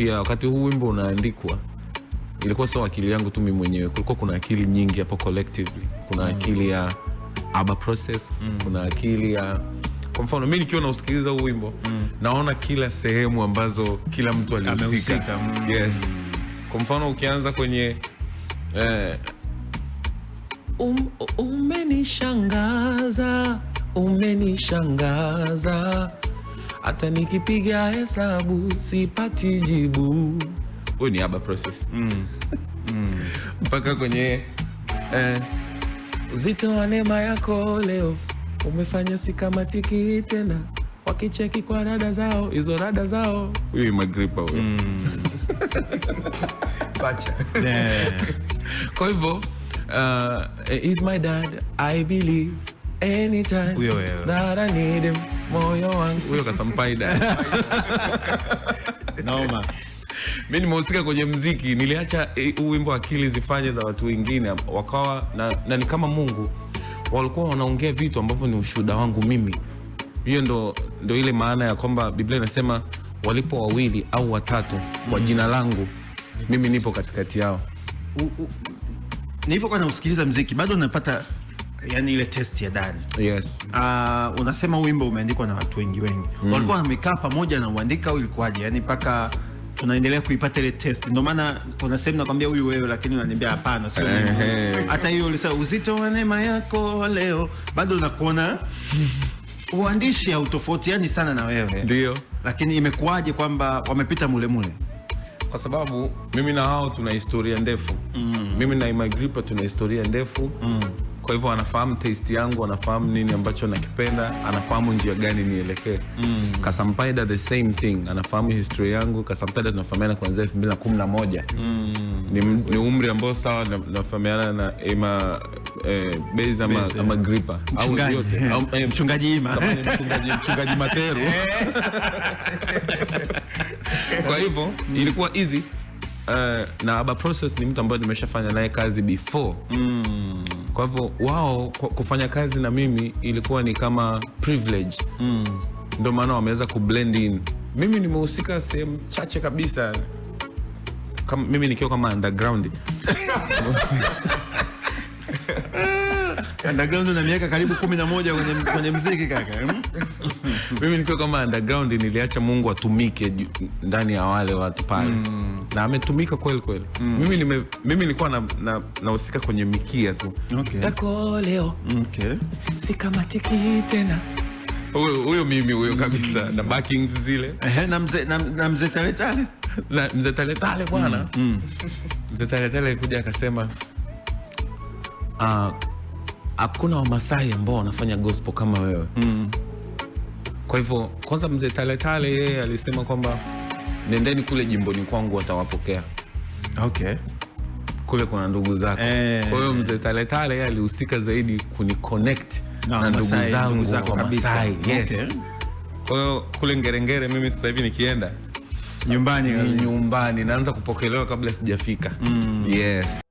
pia wakati huu wimbo unaandikwa ilikuwa sio akili yangu tu mimi mwenyewe, kulikuwa kuna akili nyingi hapo collectively. Kuna mm. akili ya aba process mm. kuna akili ya kwa mfano mi nikiwa nausikiliza huu wimbo mm. naona kila sehemu ambazo kila mtu alihusika mm. yes. Kwa mfano ukianza kwenye eh, um, umenishangaza umenishangaza hata nikipiga hesabu sipati jibu. Huyu ni aba process mm. Mm. mpaka mm. kwenye eh, uzito wa neema yako leo umefanya sikamatiki tena, wakicheki kwa rada zao hizo rada zao. Huyu imagripa huyo mm. pacha kwa hivyo uh, is eh, my dad I believe anytime that I need him moyo wangu huyo kasampaida noma mi nimehusika kwenye mziki niliacha eh, huu e, wimbo akili zifanye za watu wengine wakawa na, na ni kama mungu walikuwa wanaongea vitu ambavyo ni ushuhuda wangu mimi hiyo ndo, ndo ile maana ya kwamba biblia inasema walipo wawili au watatu kwa jina langu mimi nipo katikati yao nilivyokuwa nausikiliza mziki bado napata yani ile test ya dani yes. Uh, unasema wimbo umeandikwa na watu wengi wengi mm. walikuwa wamekaa pamoja na uandika au ilikuwaje? Yani mpaka tunaendelea kuipata ile test. Ndio maana kuna sehemu nakwambia huyu wewe, lakini unaniambia hapana, sio hey, hey. Hata hiyo ulisema uzito wa neema yako leo, bado nakuona uandishi hautofautiani sana na wewe, ndio. Lakini imekuwaje kwamba wamepita mule mule? Kwa sababu mimi na hao tuna historia ndefu mm. mimi na Imagripa tuna historia ndefu mm. Kwa hivyo anafahamu taste yangu, anafahamu nini ambacho nakipenda, anafahamu njia gani nielekee. Mm. Kasampaida the same thing, anafahamu history yangu. Kasampaida tunafahamiana kuanzia 2011. Mm. Ni, ni umri ambao sawa nafahamiana na Ema eh, Base ama, ama Gripa au yote eh, mchungaji ima mchungaji, mchungaji Materu kwa hivyo mm. ilikuwa easy uh, na Aba Process ni mtu ambaye nimeshafanya naye kazi before mm. Kwa hivyo wao kufanya kazi na mimi ilikuwa ni kama privilege mm. Ndio maana wameweza kublend in. Mimi nimehusika sehemu chache kabisa kama, mimi nikiwa kama underground underground na miaka karibu 11 kwenye kwenye muziki kaka. Hmm? Mimi nikiwa kama underground niliacha Mungu atumike ndani ya wale watu pale mm na ametumika kweli kweli. mm. Mimi nilikuwa nahusika na, na kwenye mikia tu okay. Yako leo okay. Sikamatiki tena huyo mimi huyo kabisa na backings zile ehe, na mzee na, na mzee Tale Tale na mzee Tale Tale bwana mm. mm. mzee Tale Tale alikuja akasema, ah, hakuna uh, Wamasai ambao wanafanya gospel kama wewe mm. kwa hivyo kwanza mzee Tale Tale yeye alisema kwamba nendeni kule jimboni kwangu watawapokea. Okay. Kule kuna ndugu zako eh. Kwa hiyo mzee Taletale alihusika zaidi kuni connect na ndugu zangu zako kabisa. Yes. Okay. Kwa hiyo kule Ngerengere mimi sasa hivi nikienda nyumbani nyumbani naanza kupokelewa kabla sijafika. Mm. Yes.